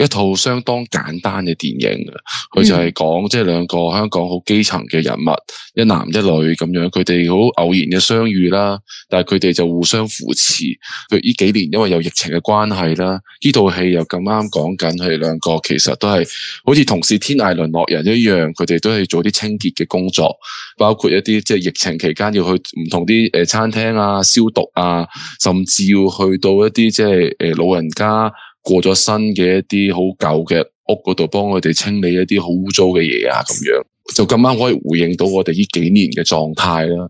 一套相當簡單嘅電影，佢就係講即係兩個香港好基層嘅人物，嗯、一男一女咁樣，佢哋好偶然嘅相遇啦。但係佢哋就互相扶持。佢呢幾年因為有疫情嘅關係啦，呢套戲又咁啱講緊佢哋兩個，其實都係好似同是天涯淪落人一樣，佢哋都係做啲清潔嘅工作，包括一啲即係疫情期間要去唔同啲誒餐廳啊消毒啊，嗯、甚至要去到一啲即係誒老人家。過咗新嘅一啲好舊嘅屋嗰度，幫佢哋清理一啲好污糟嘅嘢啊，咁樣就咁啱可以回應到我哋呢幾年嘅狀態啦。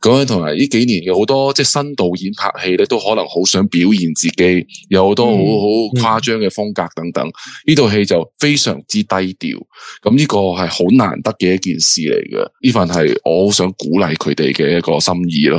咁樣同埋呢幾年嘅好多即係新導演拍戲咧，都可能好想表現自己有很很，有好多好好誇張嘅風格等等。呢套戲就非常之低調，咁呢個係好難得嘅一件事嚟嘅。呢份係我好想鼓勵佢哋嘅一個心意咯。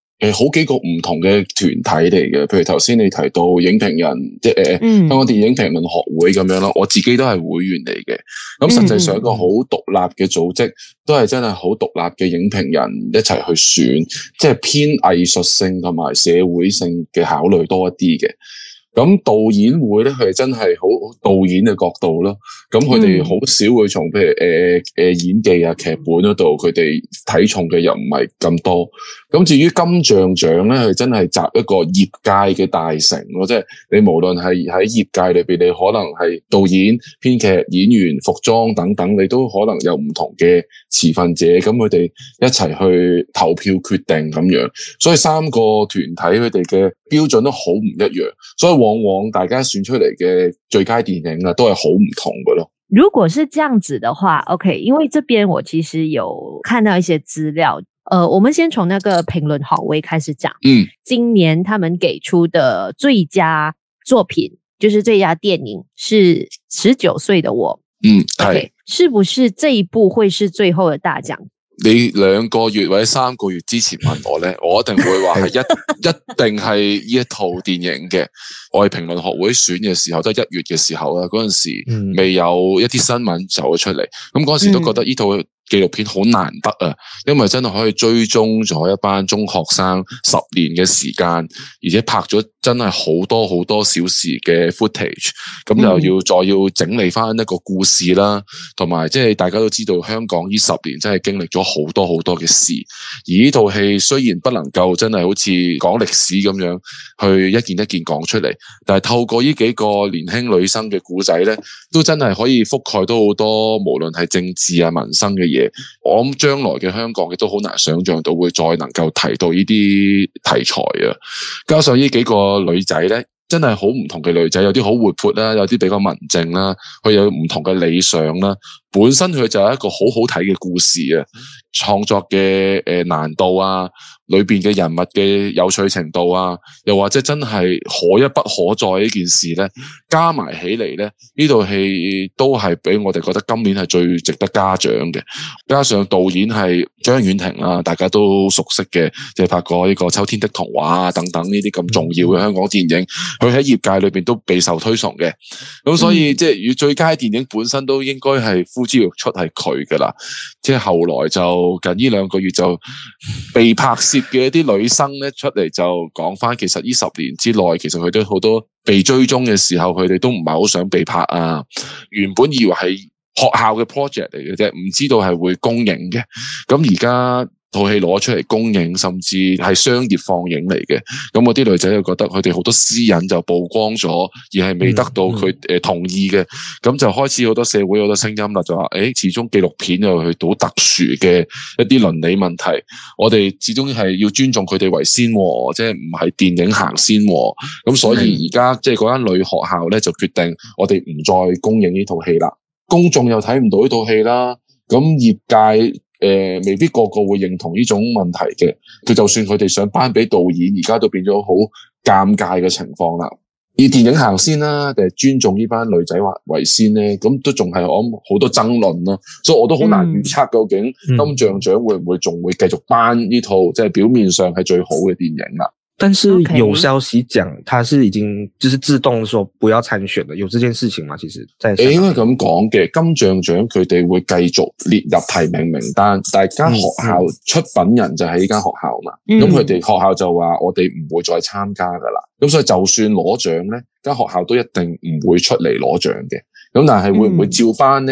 誒、呃，好幾個唔同嘅團體嚟嘅，譬如，頭先你提到影評人，即係誒嗯香港電影評論學會咁樣咯，我自己都係會員嚟嘅。咁實際上一個好獨立嘅組織，都係真係好獨立嘅影評人一齊去選，即係偏藝術性同埋社會性嘅考慮多一啲嘅。咁導演會咧，佢係真係好導演嘅角度咯。咁佢哋好少會從譬如誒誒、呃呃、演技啊、劇本嗰度，佢哋睇重嘅又唔係咁多。咁至於金像獎咧，佢真係集一個業界嘅大成咯。即係你無論係喺業界裏邊，你可能係導演、編劇、演員、服裝等等，你都可能有唔同嘅持份者。咁佢哋一齊去投票決定咁樣。所以三個團體佢哋嘅標準都好唔一樣，所以往往大家選出嚟嘅最佳電影啊，都係好唔同嘅咯。如果是這樣子的話，OK，因為這邊我其實有看到一些資料，呃我們先從那個評論學會開始講。嗯，今年他們給出的最佳作品，就是最佳電影是十九歲的我。嗯，是，ok 是不是這一部會是最後的大獎？你兩個月或者三個月之前問我咧，我一定會話係一 一定係呢一套電影嘅。我係評論學會選嘅時候，都係一月嘅時候啦。嗰陣時未有一啲新聞走咗出嚟，咁嗰陣時都覺得呢套紀錄片好難得啊，因為真係可以追蹤咗一班中學生十年嘅時間，而且拍咗，真係好多好多小時嘅 footage，咁又要再要整理翻一個故事啦，同埋即係大家都知道香港呢十年真係經歷咗好多好多嘅事，而呢套戲雖然不能夠真係好似講歷史咁樣去一件一件講出嚟，但係透過呢幾個年輕女生嘅故仔咧，都真係可以覆蓋到好多無論係政治啊、民生嘅嘢。我諗將來嘅香港亦都好難想象到會再能夠提到呢啲題材啊，加上呢幾個。個女仔咧，真係好唔同嘅女仔，有啲好活潑啦，有啲比較文靜啦，佢有唔同嘅理想啦。本身佢就係一個好好睇嘅故事啊，創作嘅誒難度啊，裏邊嘅人物嘅有趣程度啊，又或者真係可一不可再呢件事咧，加埋起嚟咧呢套戲都係俾我哋覺得今年係最值得嘉奬嘅。加上導演係張婉婷啊，大家都熟悉嘅，即係拍過呢個《秋天的童話》啊等等呢啲咁重要嘅香港電影，佢喺業界裏邊都備受推崇嘅。咁所以即係與最佳電影本身都應該係。呼之欲出係佢噶啦，即係後來就近呢兩個月就被拍攝嘅一啲女生咧出嚟就講返，其實呢十年之內，其實佢都好多被追蹤嘅時候，佢哋都唔係好想被拍啊。原本以為係學校嘅 project 嚟嘅啫，唔知道係會公映嘅。咁而家。套戲攞出嚟公映，甚至係商業放映嚟嘅，咁嗰啲女仔就覺得佢哋好多私隱就曝光咗，而係未得到佢誒同意嘅，咁、嗯嗯、就開始好多社會好多聲音啦，就話誒、哎，始終紀錄片又去到特殊嘅一啲倫理問題，我哋始終係要尊重佢哋為先，即係唔係電影行先，咁、嗯、所以而、就是、家即係嗰間女學校咧就決定，我哋唔再公映呢套戲啦，公眾又睇唔到呢套戲啦，咁業界。誒、呃，未必個個會認同呢種問題嘅。佢就算佢哋想頒俾導演，而家都變咗好尷尬嘅情況啦。以電影行先啦，啊，定係尊重呢班女仔話為先咧，咁都仲係好好多爭論咯，啊。所以我都好難預測究竟金像獎會唔會仲會繼續頒呢套即係表面上係最好嘅電影啦。但是有消息講，他是已經就是自動說不要參選了，有這件事情嗎？其實，在誒應該咁講嘅，金像獎佢哋會繼續列入提名名單，但係間學校出品人就係呢間學校嘛，咁佢哋學校就話我哋唔會再參加噶啦，咁所以就算攞獎呢，間學校都一定唔會出嚟攞獎嘅，咁但係會唔會照翻呢？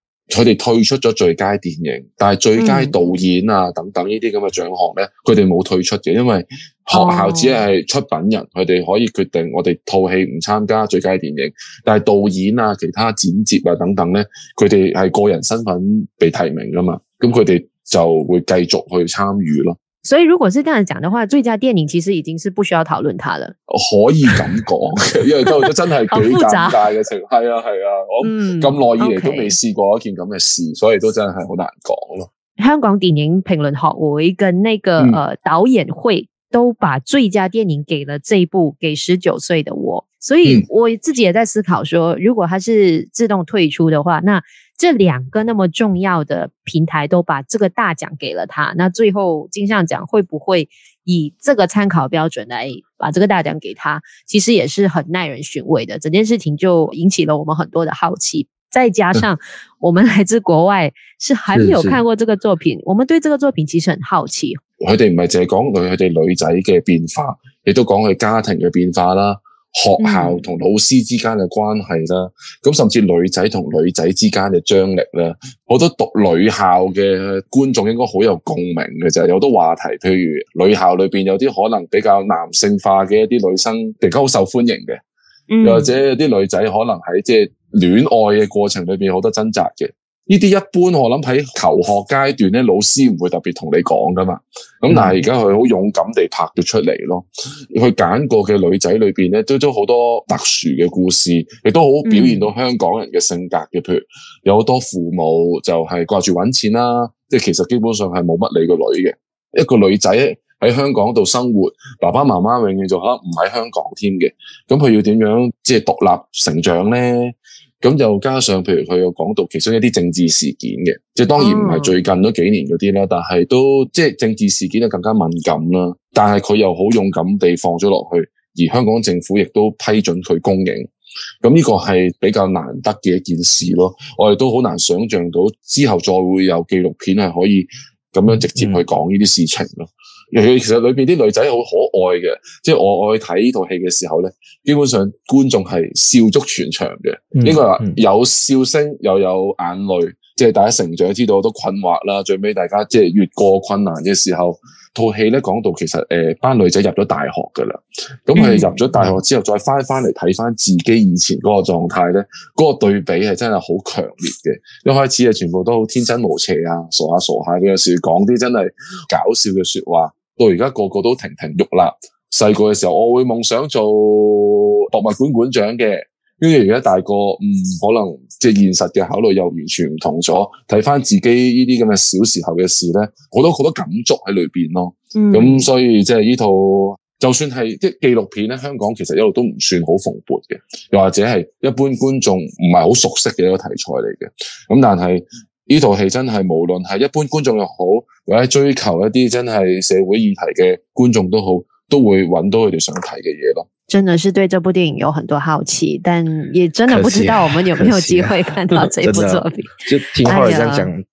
佢哋退出咗最佳電影，但係最佳導演啊等等呢啲咁嘅獎項咧，佢哋冇退出嘅，因為學校只係出品人，佢哋、哦、可以決定我哋套戲唔參加最佳電影，但係導演啊、其他剪接啊等等咧，佢哋係個人身份被提名㗎嘛，咁佢哋就會繼續去參與咯。所以如果是這樣講的話，最佳電影其實已經是不需要討論它了。可以咁講， 因為都真係幾尷尬嘅情。係啊係啊，我咁耐以嚟都未試過一件咁嘅事，嗯、所以都真係好難講咯。香港電影評論學會跟那個誒、嗯呃、導演會都把最佳電影給了這一部《給十九歲的我》，所以我自己也在思考說，說如果它是自動退出的話，那。這兩個那麼重要的平台都把這個大獎給了他，那最後金像獎會不會以這個參考標準來把這個大獎給他？其實也是很耐人尋味的，整件事情就引起了我們很多的好奇。再加上我們來自國外，是還沒有看過這個作品，是是，我們對這個作品其實很好奇。佢哋唔係淨係講佢佢哋女仔嘅變化，亦都講佢家庭嘅變化啦。學校同老師之間嘅關係啦，咁、嗯、甚至女仔同女仔之間嘅張力啦，好、嗯、多讀女校嘅觀眾應該好有共鳴嘅就係，有好多話題，譬如女校裏邊有啲可能比較男性化嘅一啲女生，而家好受歡迎嘅，又、嗯、或者有啲女仔可能喺即係戀愛嘅過程裏邊好多掙扎嘅。呢啲一般我諗喺求學階段咧，老師唔會特別同你講噶嘛。咁、嗯、但係而家佢好勇敢地拍咗出嚟咯。佢揀過嘅女仔裏邊咧，都都好多特殊嘅故事，亦都好表現到香港人嘅性格嘅。嗯、譬如有好多父母就係掛住揾錢啦，即係其實基本上係冇乜理個女嘅。一個女仔喺香港度生活，爸爸媽媽永遠就可能唔喺香港添嘅。咁佢要點樣即係獨立成長咧？咁又加上，譬如佢又講到，其中一啲政治事件嘅，即係當然唔係最近嗰幾年嗰啲啦，哦、但係都即係政治事件就，更加敏感啦。但係佢又好勇敢地放咗落去，而香港政府亦都批准佢公映。咁呢、這個係比較難得嘅一件事咯。我哋都好難想象到之後再會有紀錄片係可以咁樣直接去講呢啲事情咯。嗯其實裏邊啲女仔好可愛嘅，即係我愛睇呢套戲嘅時候咧，基本上觀眾係笑足全場嘅。呢個、嗯、有笑聲、嗯、又有眼淚，即係大家成長知道好多困惑啦。最尾大家即係越過困難嘅時候，套戲咧講到其實誒、呃，班女仔入咗大學噶啦。咁佢、嗯、入咗大學之後，再翻翻嚟睇翻自己以前嗰個狀態咧，嗰個對比係真係好強烈嘅。一開始啊，全部都好天真無邪啊，傻下傻下嘅，有時講啲真係搞笑嘅說話。到而家個個都亭亭玉立。細個嘅時候，我會夢想做博物館館長嘅。跟住而家大個，嗯，可能即係現實嘅考慮又完全唔同咗。睇翻自己呢啲咁嘅小時候嘅事咧，好多好多感觸喺裏邊咯。咁、嗯、所以即係呢套就算係即係紀錄片咧，香港其實一路都唔算好蓬勃嘅，又或者係一般觀眾唔係好熟悉嘅一個題材嚟嘅。咁但係。呢套戲真係無論係一般觀眾又好，或者追求一啲真係社會議題嘅觀眾都好，都會揾到佢哋想睇嘅嘢咯。真的是對這部電影有很多好奇，但也真的不知道我們有沒有機會看到這部作品。就聽好友咁講、啊。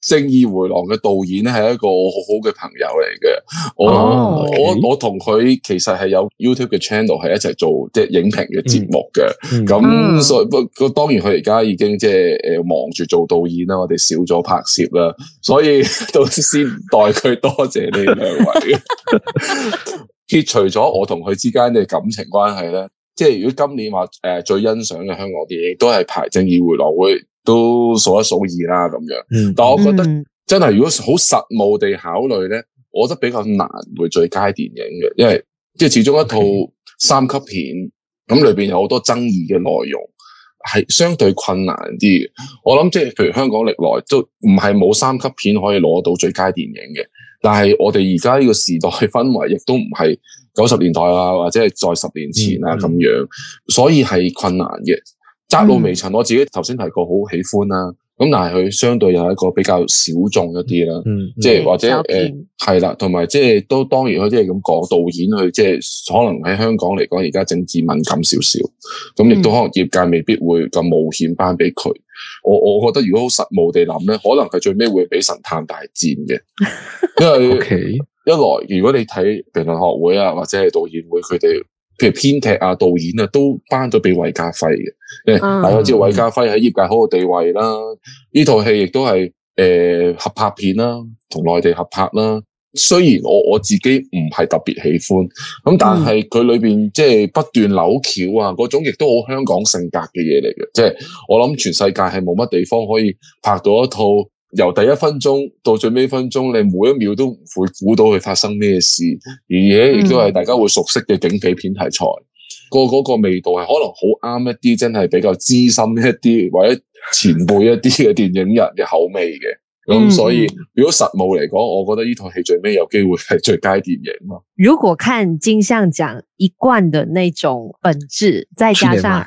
正義迴廊嘅導演咧，係一個好好嘅朋友嚟嘅，我、oh, okay. 我我同佢其實係有 YouTube 嘅 channel 係一齊做即係、就是、影評嘅節目嘅，咁所以當然佢而家已經即係誒忙住做導演啦，我哋少咗拍攝啦，所以到先代佢多謝呢兩位。撇 除咗我同佢之間嘅感情關係咧，即係如果今年話誒、呃、最欣賞嘅香港電影都係排《正義回廊》會。都數一數二啦，咁樣。但我覺得、嗯、真係，如果好實務地考慮咧，我覺得比較難會最佳電影嘅，因為即係始終一套三級片，咁、嗯、裏邊有好多爭議嘅內容，係相對困難啲嘅。我諗即係，譬如香港歷來都唔係冇三級片可以攞到最佳電影嘅，但係我哋而家呢個時代氛圍亦都唔係九十年代啊或者係再十年前啊咁、嗯、樣，所以係困難嘅。窄路微塵，我自己頭先提過好喜歡啦，咁但係佢相對又係一個比較小眾一啲啦，即係、嗯嗯、或者誒係啦，同埋即係都當然佢即係咁講導演、去，佢即係可能喺香港嚟講而家政治敏感少少，咁亦都可能業界未必會咁冒險翻俾佢。嗯、我我覺得如果好實務地諗咧，可能佢最尾會俾神探大戰嘅， 因為一來如果你睇評論學會啊或者係導演會佢哋。譬如編劇啊、導演啊，都頒咗俾韋家輝嘅。嗯、大家知道，韋家輝喺業界好有地位啦，呢套戲亦都係誒合拍片啦，同內地合拍啦。雖然我我自己唔係特別喜歡，咁但係佢裏邊即係不斷扭橋啊，嗰種亦都好香港性格嘅嘢嚟嘅。即係我諗全世界係冇乜地方可以拍到一套。由第一分鐘到最尾分鐘，你每一秒都唔會估到佢發生咩事，而且亦都係大家會熟悉嘅警匪片題材，嗯、個嗰個個味道係可能好啱一啲，真係比較資深一啲或者前輩一啲嘅電影人嘅口味嘅。咁、嗯、所以如果實務嚟講，我覺得呢套戲最尾有機會係最佳電影咯。如果看金像獎一貫的那種本質，再加上。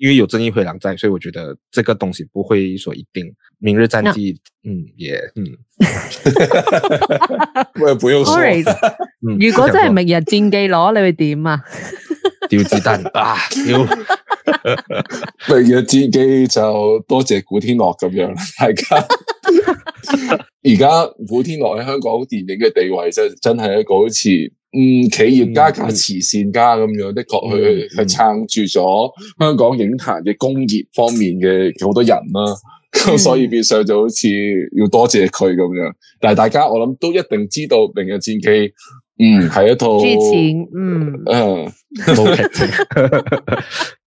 因為有正義回廊在，所以我覺得這個東西不會說一定明日戰記，No. 嗯，也、yeah, 嗯，我也不用說。 如果真係明日戰記攞，你會點啊？掉 子彈啊！ 明日戰記就多謝古天樂咁樣，大家而家古天樂喺香港電影嘅地位真真係一個好似。嗯，企業家加慈善家咁樣，嗯、的確佢係撐住咗香港影壇嘅工業方面嘅好多人啦、啊，咁、嗯、 所以變相就好似要多謝佢咁樣。但係大家我諗都一定知道《明日戰記》，嗯，係一套，借錢、嗯呃，嗯，嗯，冇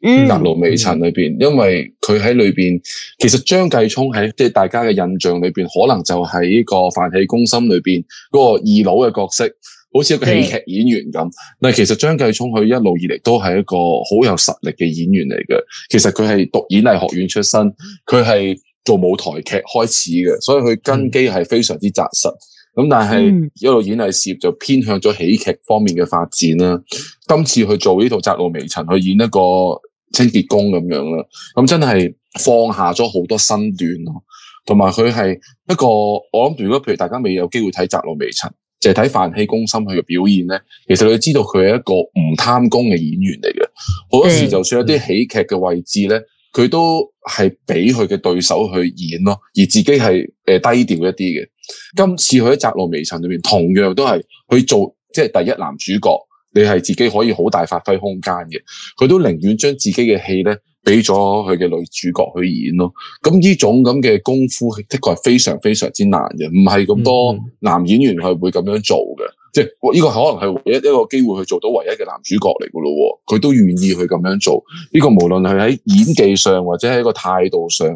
《窄路微塵》裏邊，因為佢喺裏邊，其實張繼聰喺即係大家嘅印象裏邊，可能就喺呢個《飯氣攻心》裏邊嗰個二佬嘅角色，好似一個喜劇演員咁。嗯、但其實張繼聰佢一路以嚟都係一個好有實力嘅演員嚟嘅。其實佢係讀演藝學院出身，佢係做舞台劇開始嘅，所以佢根基係非常之紮實。咁、嗯、但係一路演藝事業就偏向咗喜劇方面嘅發展啦。今次去做呢套《窄路微塵》，去演一個。清潔工咁樣啦，咁真係放下咗好多身段咯，同埋佢係一個我諗住，如果譬如大家未有機會睇《窄路微塵》，淨係睇飯氣攻心佢嘅表現咧，其實你知道佢係一個唔貪功嘅演員嚟嘅，好多時就算一啲喜劇嘅位置咧，佢都係俾佢嘅對手去演咯，而自己係誒低調一啲嘅。今次佢喺《窄路微塵》裏面，同樣都係去做即係、就是、第一男主角。你係自己可以好大發揮空間嘅，佢都寧願將自己嘅戲咧俾咗佢嘅女主角去演咯。咁呢種咁嘅功夫，的確係非常非常之難嘅，唔係咁多男演員係會咁樣做嘅。即係呢個可能係唯一一個機會去做到唯一嘅男主角嚟噶咯。佢都願意去咁樣做，呢個無論係喺演技上或者喺一個態度上，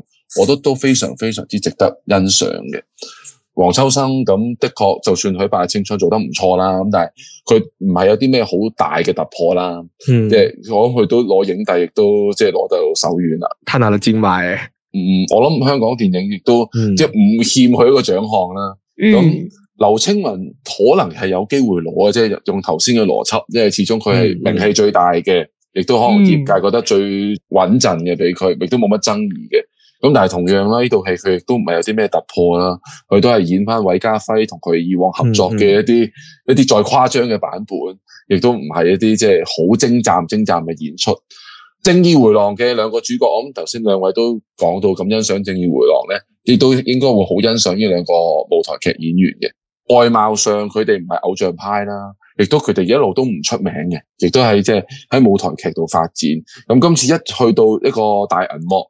我都都非常非常之值得欣賞嘅。黃秋生，咁的確，就算佢白日青春做得唔錯啦，咁但係佢唔係有啲咩好大嘅突破啦。即係我諗佢都攞影帝，亦都即係攞到手軟啦。睇下佢接埋。嗯，我諗香港電影亦都即係唔欠佢一個獎項啦。咁劉青雲可能係有機會攞嘅，即係用頭先嘅邏輯，即係始終佢係名氣最大嘅，亦都可能業界覺得最穩陣嘅俾佢，亦都冇乜爭議嘅。咁但係同樣啦，呢套戲佢亦都唔係有啲咩突破啦，佢都係演翻韋家輝同佢以往合作嘅一啲、嗯嗯、一啲再誇張嘅版本，亦都唔係一啲即係好精湛、精湛嘅演出。《正義回廊》嘅兩個主角，我諗頭先兩位都講到咁欣賞《正義回廊》咧，亦都應該會好欣賞呢兩個舞台劇演員嘅外貌上，佢哋唔係偶像派啦，亦都佢哋一路都唔出名嘅，亦都係即係喺舞台劇度發展。咁今次一去到一個大銀幕。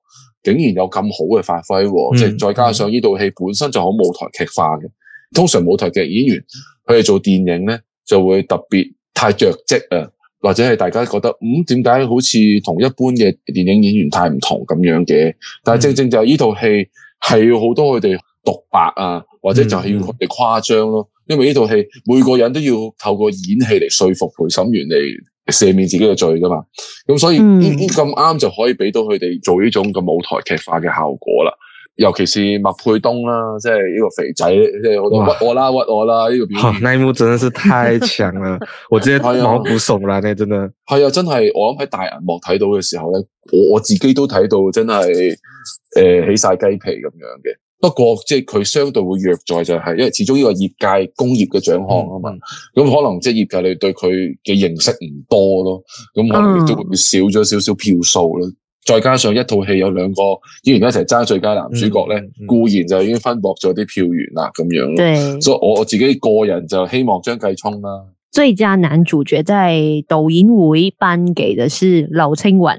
竟然有咁好嘅發揮、啊，即係、嗯、再加上呢套戲本身就好舞台劇化嘅。通常舞台劇演員佢哋、嗯、做電影咧就會特別太着跡啊，或者係大家覺得嗯點解好似同一般嘅電影演員太唔同咁樣嘅？但係正正就係呢套戲係要好多佢哋獨白啊，或者就係要佢哋誇張咯，嗯、因為呢套戲每個人都要透過演戲嚟說服陪審員嚟。赦免自己嘅罪㗎嘛，咁所以呢啲咁啱就可以俾到佢哋做呢種嘅舞台劇化嘅效果啦，尤其是麥沛東啦，即係呢個肥仔，即係好多屈我啦，屈我啦呢，這個表現。好，那一幕真係太強啦 我真係毛骨悚然咧，真的。係啊，啊，真係我諗喺大銀幕睇到嘅時候咧，我我自己都睇到真係，誒、呃、起晒雞皮咁樣嘅。不過即係佢相對會弱在就係，是，因為始終呢個業界工業嘅獎項啊嘛，咁、嗯嗯、可能即係業界你對佢嘅認識唔多咯，咁可能亦都會少咗少少票數咯。再加上一套戲有兩個演員一齊爭最佳男主角咧，嗯嗯、固然就已經分薄咗啲票源啦，咁、嗯、樣。對，所以我我自己個人就希望張繼聰啦、啊。最佳男主角在導演會頒給的是劉青雲。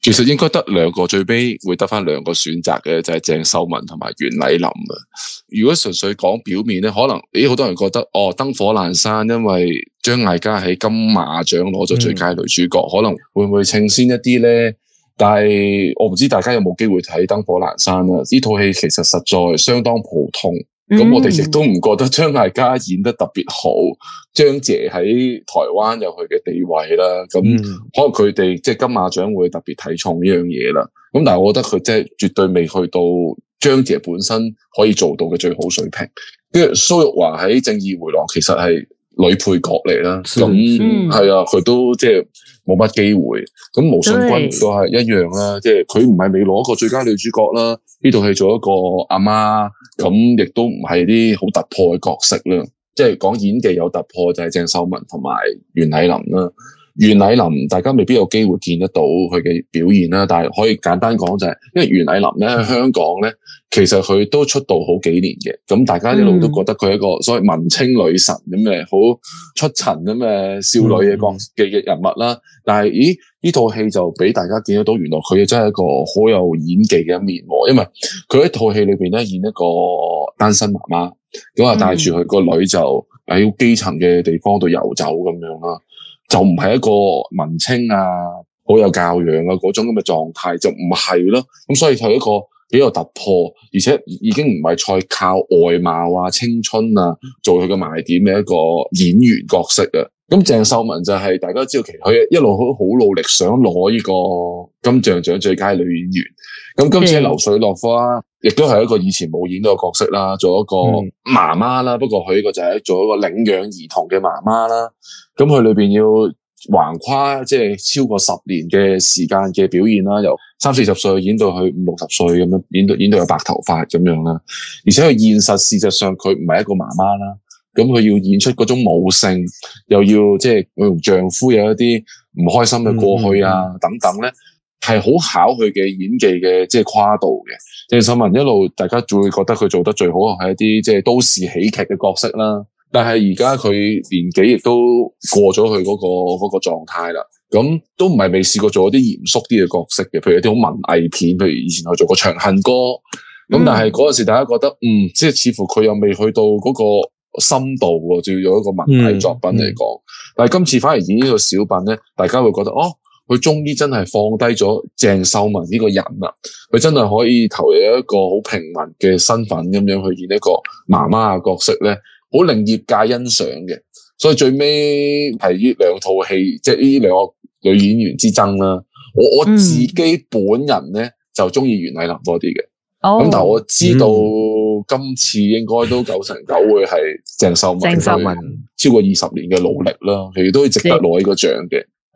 其實應該得兩個，最尾會得翻兩個選擇嘅就係、是、鄭秀文同埋袁澧林啊！如果純粹講表面咧，可能咦好多人覺得哦燈火闌珊，因為張艾嘉喺金馬獎攞咗最佳女主角，嗯、可能會唔會稱先一啲咧？但係我唔知大家有冇機會睇《燈火闌珊、啊》啦？呢套戲其實實在相當普通。咁我哋亦都唔覺得張艾嘉演得特別好，張姐喺台灣有佢嘅地位啦。咁、嗯、可能佢哋即係金馬獎會特別睇重呢樣嘢啦。咁但係我覺得佢即係絕對未去到張姐本身可以做到嘅最好水平。跟住蘇玉華喺《正義回廊》其實係，女配角嚟啦，咁係、嗯、啊，佢都即係冇乜機會。咁毛舜筠都係一樣啦，對即係佢唔係未攞過最佳女主角啦。呢度係做一個阿媽，咁亦都唔係啲好突破嘅角色啦。即係講演技有突破就係鄭秀文同埋袁澧林啦。袁澧林，大家未必有機會見得到佢嘅表現啦，但係可以簡單講就係、是，因為袁澧林咧，喺香港咧，其實佢都出道好幾年嘅，咁大家一路都覺得佢係一個所謂文青女神咁嘅好出塵咁嘅少女嘅角嘅人物啦。嗯、但係，咦呢套戲就俾大家見得到，原來佢真係一個好有演技嘅一面，因為佢喺套戲裏邊咧演一個單身媽媽，咁啊帶住佢個女就喺基層嘅地方度遊走咁、嗯、樣啦。就唔係一個文青啊，好有教養啊嗰種咁嘅狀態，就唔係咯。咁所以佢係一個比較突破，而且已經唔係再靠外貌啊、青春啊做佢嘅賣點嘅一個演員角色啊。咁鄭秀文就係、是、大家都知道，其實佢一路都好努力，想攞呢個金像獎最佳女演員。咁今次流水落花。嗯亦都係一個以前冇演到嘅角色啦，做一個媽媽啦。嗯、不過佢呢個就係做一個領養兒童嘅媽媽啦。咁佢裏邊要橫跨即係超過十年嘅時間嘅表現啦，由三四十歲演到佢五六十歲咁樣，演到演到有白頭髮咁樣啦。而且佢現實事實上佢唔係一個媽媽啦。咁佢要演出嗰種母性，又要即係佢同丈夫有一啲唔開心嘅過去啊，嗯嗯，等等咧，係好考佢嘅演技嘅即係跨度嘅。鄭秀文一路大家會覺得佢做得最好，係一啲即係都市喜劇嘅角色啦。但係而家佢年紀亦都過咗佢嗰個嗰、嗰個狀態啦。咁都唔係未試過做一啲嚴肅啲嘅角色嘅，譬如一啲好文藝片，譬如以前去做過《長恨歌》嗯。咁但係嗰陣時大家覺得，嗯，即係似乎佢又未去到嗰個深度喎，就要有一個文藝作品嚟講。嗯嗯、但係今次反而演呢個小品咧，大家會覺得哦。佢終於真係放低咗鄭秀文呢個人啦，佢真係可以投入一個好平民嘅身份咁樣去演一個媽媽嘅角色咧，好令業界欣賞嘅。所以最尾係呢兩套戲，即係呢兩個女演員之爭啦。我我自己本人咧就中意袁澧林多啲嘅，咁但係我知道今次應該都九成九會係鄭秀文，鄭秀文超過二十年嘅努力啦，佢都值得攞呢個獎嘅。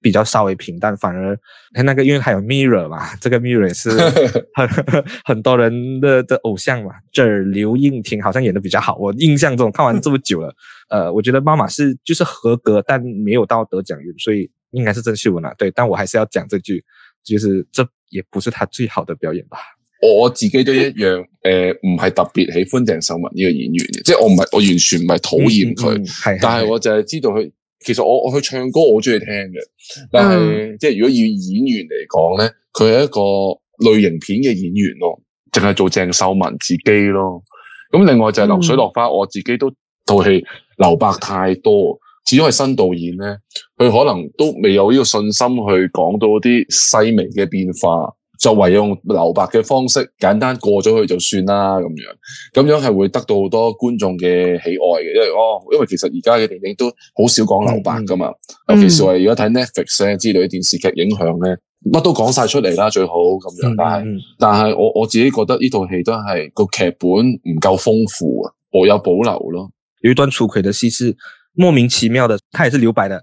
比較稍微平淡，反而那個，因為還有 Mirror 嘛，這個 Mirror 是很 很多人的的偶像嘛。這兒柳應廷好像演得比較好，我印象中看完這麼久了， 呃，我覺得媽媽是就是合格，但沒有到得獎，所以應該是鄭秀文啊。對，但我還是要講這句，就是這也不是她最好的表演吧。我自己都一樣，呃唔係特別喜歡鄭秀文呢、這個演員，嗯嗯嗯即係我唔係，我完全唔係討厭佢，係、嗯嗯，嗯、但係我就係知道佢。其實我我去唱歌，我好中意聽嘅。但係、嗯、即係如果以演員嚟講咧，佢係一個類型片嘅演員咯，淨係做鄭秀文自己咯。咁另外就係流水落花，嗯、我自己都套戲留白太多。始終係新導演咧，佢可能都未有呢個信心去講到啲細微嘅變化。作為用留白嘅方式簡單過咗去就算啦咁樣，咁樣係會得到好多觀眾嘅喜愛嘅，因為哦，因為其實而家嘅電影都好少講留白㗎嘛，尤、嗯啊、其是話如果睇 Netflix 咧、嗯、之類電視劇影響咧，乜都講晒出嚟啦最好咁樣，但係、嗯、但係我我自己覺得呢套戲都係個劇本唔夠豐富啊，我有保留咯。有一段楚佢嘅戲是莫名其妙的，佢係是留白的。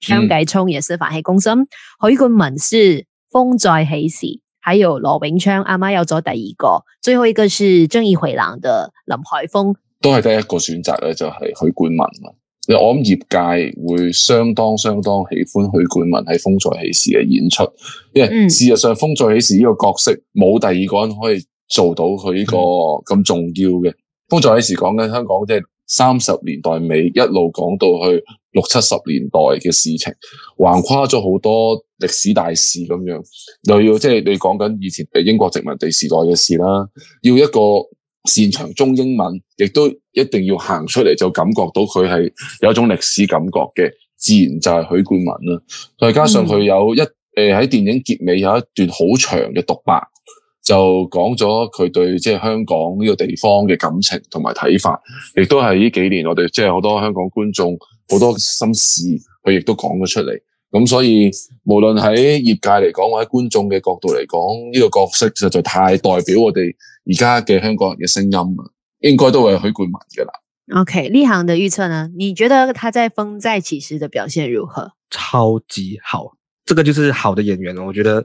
張繼聰也是《飯戲攻心》，許冠文是風再起時，還有羅永昌阿媽有咗第二個，最後一個是《正義迴廊》的林海峰，都係得一個選擇咧，就係、是、許冠文啦。我諗業界會相當相當喜歡許冠文喺《風再起時》嘅演出，嗯、因為事實上《風再起時》呢、這個角色冇第二個人可以做到佢呢個咁重要嘅《嗯、風再起時》講緊香港即係。三十年代尾一路講到去六七十年代嘅事情，橫跨咗好多歷史大事咁樣，又要即係你講緊以前誒英國殖民地時代嘅事啦，要一個擅長中英文，亦都一定要行出嚟就感覺到佢係有一種歷史感覺嘅，自然就係許冠文啦。再加上佢有一誒喺、嗯呃、電影結尾有一段好長嘅獨白。就講咗佢對即係香港呢個地方嘅感情同埋睇法，亦都係呢幾年我哋即係好多香港觀眾好多心事，佢亦都講咗出嚟。咁所以無論喺業界嚟講，或者觀眾嘅角度嚟講，呢個角色實在太代表我哋而家嘅香港人嘅聲音啦，應該都係許冠文噶啦。OK，立航的預測呢？你覺得他在《風再起時》的表現如何？超級好，這個就是好的演員，我覺得。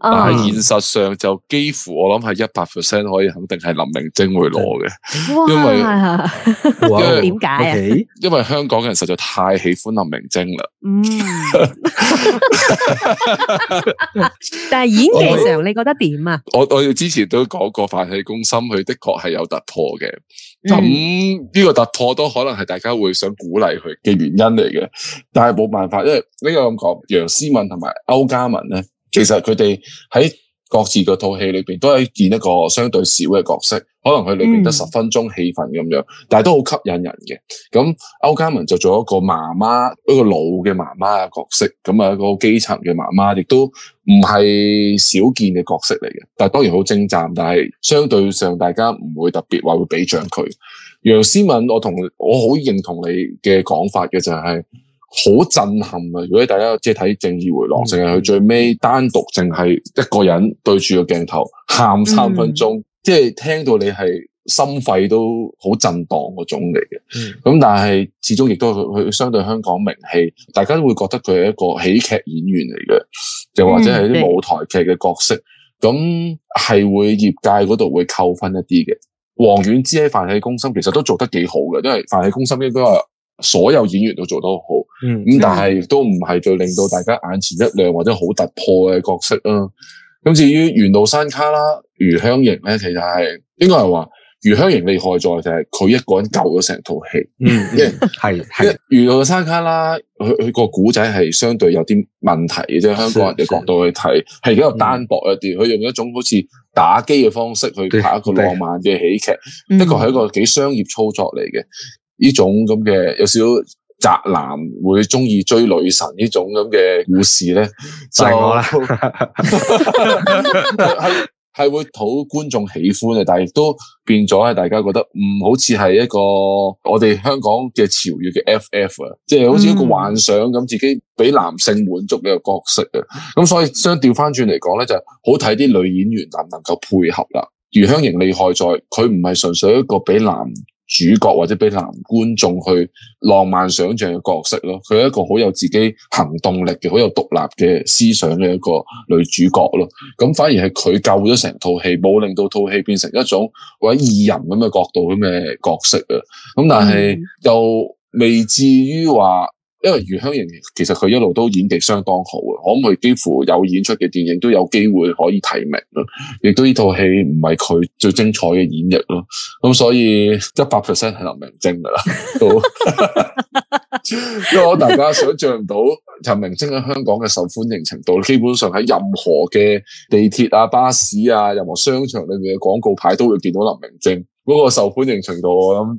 但係現實上就幾乎我諗係一百 percent 可以肯定係林明禎會攞嘅，因為點解啊？因為香港嘅人實在太喜歡林明禎啦。嗯， 但係演技上你覺得點啊？我我哋之前都講過公，發啟功心佢的確係有突破嘅，咁呢、嗯、個突破都可能係大家會想鼓勵佢嘅原因嚟嘅。但係冇辦法，因為這個這呢個咁講，楊詩敏同埋歐嘉文咧。其實佢哋喺各自嘅套戲裏面都係見一個相對少嘅角色，可能佢裏面得十分鐘戲份咁樣，但係都好吸引人嘅。咁、嗯、歐嘉文就做一個媽媽，一個老嘅媽媽嘅角色，咁啊一個基層嘅媽媽，亦都唔係少見嘅角色嚟嘅。但係當然好精湛，但係相對上大家唔會特別話會畀獎佢。楊詩敏，我同我好認同你嘅講法嘅就係、是。好震撼啊！如果大家即係睇《正義迴廊》嗯，淨係佢最尾單獨淨係一個人對住個鏡頭喊三分鐘，嗯、即係聽到你係心肺都好震盪嗰種嚟嘅。咁、嗯、但係始終亦都佢相對香港名氣，大家都會覺得佢係一個喜劇演員嚟嘅，又、嗯、或者係啲舞台劇嘅角色，咁係、嗯、會業界嗰度會扣分一啲嘅。王菀之喺《飯氣攻心》其實都做得幾好嘅，因為《飯氣攻心》應該。所有演員都做得好，咁、嗯、但係都唔係最令到大家眼前一亮或者好突破嘅角色啦。咁至於緣路山旮旯，余香凝咧，其實係應該係話余香凝厲害在就係佢一個人救咗成套戲。嗯，係係。 是緣路山旮旯，佢佢個古仔係相對有啲問題嘅，即係的香港人嘅角度去睇，係比較單薄一啲。佢用一種好似打機嘅方式去拍一個浪漫嘅喜劇，是是一個係一個幾商業操作嚟嘅。呢種咁嘅有少宅男會中意追女神呢種咁嘅故事咧，係我啦，係係就 會討觀眾喜歡嘅，但係亦都變咗係大家覺得唔好似係一個我哋香港嘅潮語嘅 FF，即係、嗯、好似一個幻想咁自己俾男性滿足嘅角色啊，咁、嗯、所以相調翻轉嚟講咧，就係、好睇啲女演員能唔能夠配合啦。余香盈厲害在佢唔係純粹一個俾男。主角或者俾男觀眾去浪漫想象嘅角色咯，佢係一個好有自己行動力嘅、好有獨立嘅思想嘅一個女主角咯。咁反而係佢救咗成套戲，冇令到套戲變成一種或者異人咁嘅角度咁嘅角色啊。咁但係又未至於話。因為余香凝其實佢一路都演技相當好啊，可唔可以幾乎有演出嘅電影都有機會可以提名？亦都呢套戲唔係佢最精彩嘅演繹咯，咁所以一百 percent 係林明禎㗎喇，都 因為我大家想象唔到林明禎喺香港嘅受歡迎程度，基本上喺任何嘅地鐵啊、巴士啊、任何商場裏面嘅廣告牌都會見到林明禎，嗰、那個受歡迎程度我諗。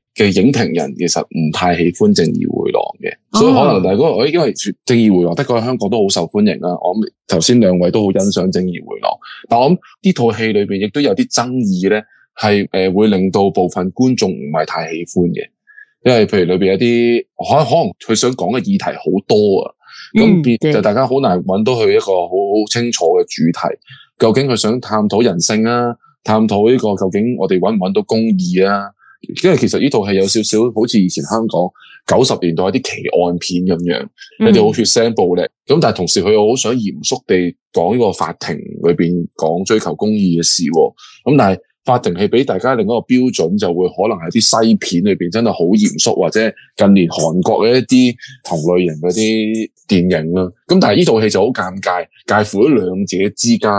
嘅影評人其實唔太喜歡正義回廊嘅，哦、所以可能大家嗰，因為正義回廊的確喺香港都好受歡迎啦。我諗頭先兩位都好欣賞正義回廊，但我諗呢套戲裏邊亦都有啲爭議咧，係誒會令到部分觀眾唔係太喜歡嘅，因為譬如裏邊有啲可可能佢想講嘅議題好多啊，咁就大家好難揾到佢一個好好清楚嘅主題，究竟佢想探討人性啊，探討呢個究竟我哋揾唔揾到公義啊？因為其實呢度係有少少好似以前香港九十年代一啲奇案片咁樣，你哋好血腥暴力，咁但係同時佢又好想嚴肅地講呢個法庭裏邊講追求公義嘅事，咁但係。法庭戲俾大家另一個標準，就會可能係啲西片裏邊真係好嚴肅，或者近年韓國嘅一啲同類型嗰啲電影咯。咁但係呢套戲就好尷尬，介乎喺兩者之間。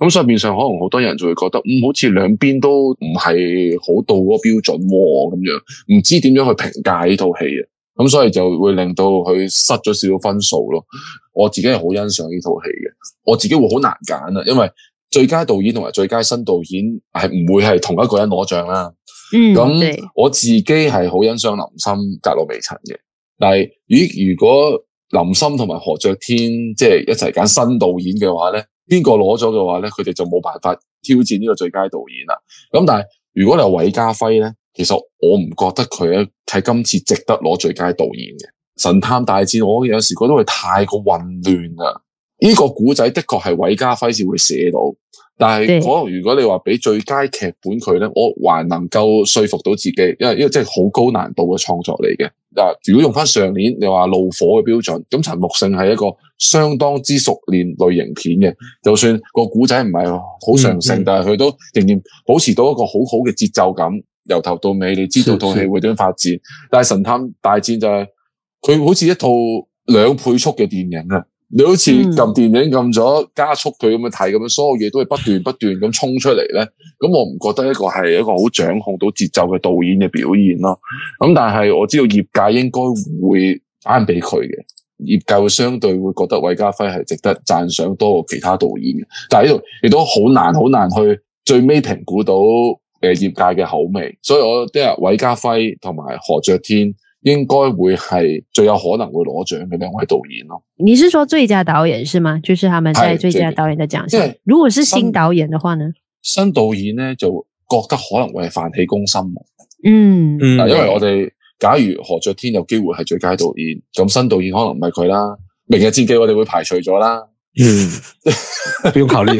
咁所以面上可能好多人就會覺得，嗯，好似兩邊都唔係好到嗰個標準咁，哦，樣，唔知點樣去評價呢套戲啊。咁所以就會令到佢失咗少少分數咯。我自己係好欣賞呢套戲嘅，我自己會好難揀啊，因為。最佳導演同埋最佳新導演係唔會係同一個人攞獎啦。咁我自己係好欣賞林森《窄路微塵》嘅。但係咦，如果林森同埋何爵天即係、就是、一齊揀新導演嘅話咧，邊個攞咗嘅話咧，佢哋就冇辦法挑戰呢個最佳導演啦。咁但係如果你話韋家輝咧，其實我唔覺得佢咧喺今次值得攞最佳導演嘅《神探大戰》，我有時候覺得佢太過混亂啦。呢個古仔的確係韋家輝先會寫到，但係可能如果你話俾最佳劇本佢咧，我還能夠說服到自己，因為呢個真係好高難度嘅創作嚟嘅。嗱，如果用翻上年你話怒火嘅標準，咁陳木勝係一個相當之熟練類型片嘅，就算個古仔唔係好常性，嗯嗯、但係佢都仍然保持到一個好好嘅節奏感，由頭到尾你知道套戲會點發展。但係神探大戰就係、是、佢好似一套兩倍速嘅電影啊！你好似撳電影撳咗加速佢咁樣睇咁樣，所有嘢都係不斷不斷咁衝出嚟咧。咁我唔覺得一個係一個好掌控到節奏嘅導演嘅表現咯。咁但係我知道業界應該會啱俾佢嘅，業界會相對會覺得韋家輝係值得讚賞多過其他導演嘅。但係呢度亦都好難好難去最尾評估到誒業界嘅口味，所以我即係韋家輝同埋何爵天。應該會係最有可能會攞獎嘅兩位導演咯。你是說最佳導演是嗎？就是他們在最佳導演嘅獎項。如果是新導演的話呢？新導演呢就覺得可能會係飯戲攻心。嗯，因為我哋、嗯、假如何爵天有機會係最佳導演，咁新導演可能唔係佢啦。明日戰記我哋會排除咗啦。嗯， 不用考慮。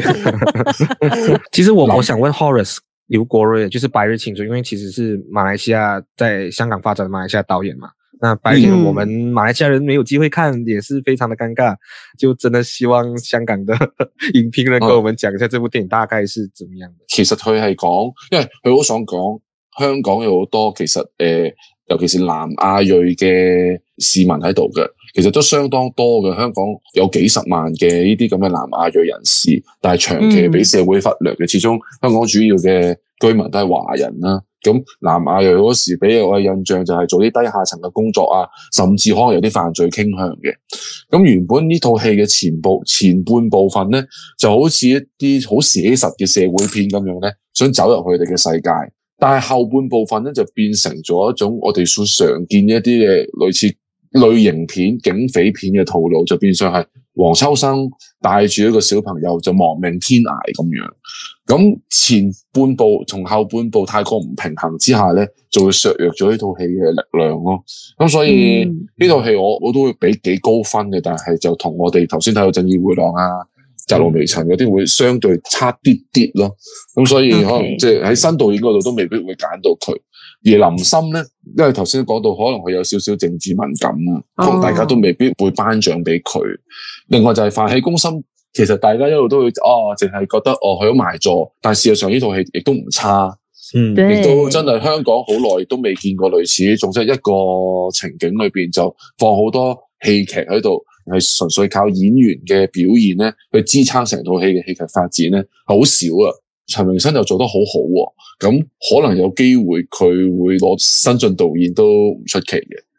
其實我老 我想問 Horace。劉國瑞就是白日青春，因為其實是馬來西亞在香港發展的馬來西亞導演嘛。那白天我們馬來西亞人沒有機會看，也是非常的尷尬。就真的希望香港的影評人跟我們講一下這部電影大概是怎麼樣的。嗯、其實佢是講，因為佢好想講香港有好多其實誒、呃，尤其是南亞裔嘅市民喺度嘅。其實都相當多嘅，香港有幾十萬嘅呢啲咁嘅南亞裔人士，但係長期俾社會忽略嘅。始終香港主要嘅居民都係華人啦。咁南亞裔嗰時俾我嘅印象就係做啲低下層嘅工作啊，甚至可能有啲犯罪傾向嘅。咁原本呢套戲嘅前部前半部分咧，就好似一啲好寫實嘅社會片咁樣咧，想走入佢哋嘅世界。但係後半部分咧就變成咗一種我哋所常見一啲嘅類似。類型片、警匪片嘅套路，就變相係黃秋生帶住一個小朋友就亡命天涯咁樣，咁前半部從後半部太過唔平衡之下咧，就會削弱咗呢套戲嘅力量咯。咁所以呢套戲我我都會俾幾高分嘅，但係就同我哋頭先睇到《正義回廊》啊、《窄、嗯、路微塵》嗰啲會相對差啲啲咯。咁所以可能即係喺新導演嗰度都未必會揀到佢。而林心咧，因為頭先講到可能佢有少少政治敏感，哦、大家都未必會頒獎俾佢。另外就係《飯氣攻心》，其實大家一路都會哦，淨係覺得哦，佢好賣座，但事實上呢套戲亦都唔差，亦、嗯、都真係香港好耐都未見過類似，即係一個情景裏邊就放好多戲劇喺度，係純粹靠演員嘅表現咧去支撐成套戲嘅戲劇發展咧，好少啊。陳明生又做得好好喎，咁可能有機會佢會攞新晉導演都唔出奇嘅。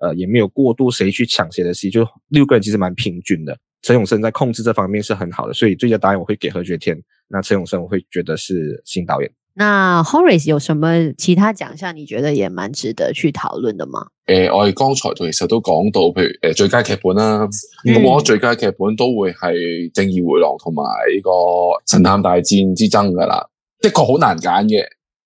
誒、呃，也沒有過度，誰去搶誰的戲，就六個人其實蠻平均的。陳永生在控制這方面是很好的，所以最佳導演我會給何爵天。那陳永生我會覺得是新導演。那 Horace 有什麼其他獎項你覺得也蠻值得去討論的嗎？誒、呃，我哋剛才其實都講到，譬如誒、呃、最佳劇本啦、啊，嗯、那我最佳劇本都會係《正義回廊》同埋呢個《神探大戰》之爭噶啦，的確好難揀嘅，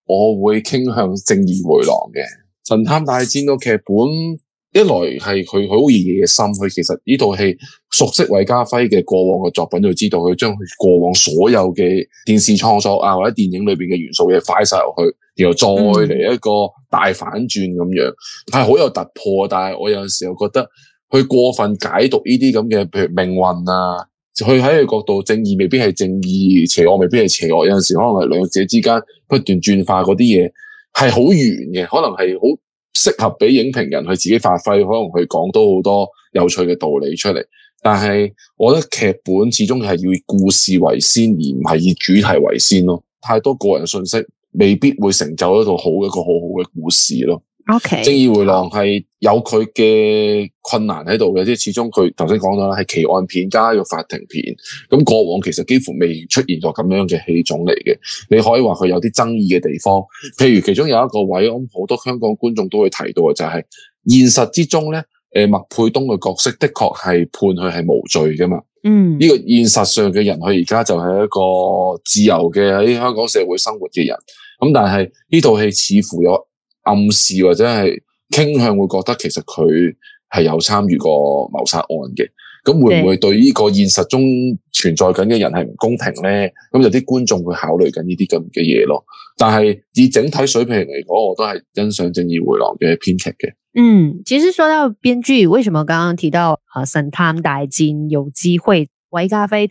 我會傾向《正義回廊》嘅《神探大戰》個劇本。一來係佢佢好而野，野心，佢其實呢套戲熟悉韋家輝嘅過往嘅作品，就知道佢將佢過往所有嘅電視創作啊或者電影裏邊嘅元素嘢快晒落去，然後再嚟一個大反轉咁樣，係好、嗯、有突破。但係我有時候覺得，佢過分解讀呢啲咁嘅，譬如命運啊，去喺佢角度正義未必係正義，邪惡未必係邪惡，有陣時可能係兩者之間不斷轉化嗰啲嘢，係好圓嘅，可能係好。適合俾影評人去自己發揮，可能佢講到好多有趣嘅道理出嚟。但係我覺得劇本始終係要以故事為先，而唔係以主題為先咯。太多個人信息，未必會成就一套好一個好好嘅故事咯。O.K.《正義迴廊》係有佢嘅困難喺度嘅，即係始終佢頭先講到啦，係奇案片加一個法庭片，咁過往其實幾乎未出現過咁樣嘅戲種嚟嘅。你可以話佢有啲爭議嘅地方，譬如其中有一個位，咁好多香港觀眾都會提到嘅就係、是、現實之中咧，誒，麥佩東嘅角色的確係判佢係無罪噶嘛？嗯，呢個現實上嘅人，佢而家就係一個自由嘅喺香港社會生活嘅人，咁但係呢套戲似乎有。暗示或者係傾向會覺得其實佢係有參與過謀殺案嘅，咁會唔會對呢個現實中存在緊嘅人係唔公平咧？咁有啲觀眾會考慮緊呢啲咁嘅嘢咯。但係以整體水平嚟講，我都係欣賞正義回廊嘅編劇嘅。嗯，其實說到編劇，為什麼剛剛提到啊？神探大戰有機會韋家輝。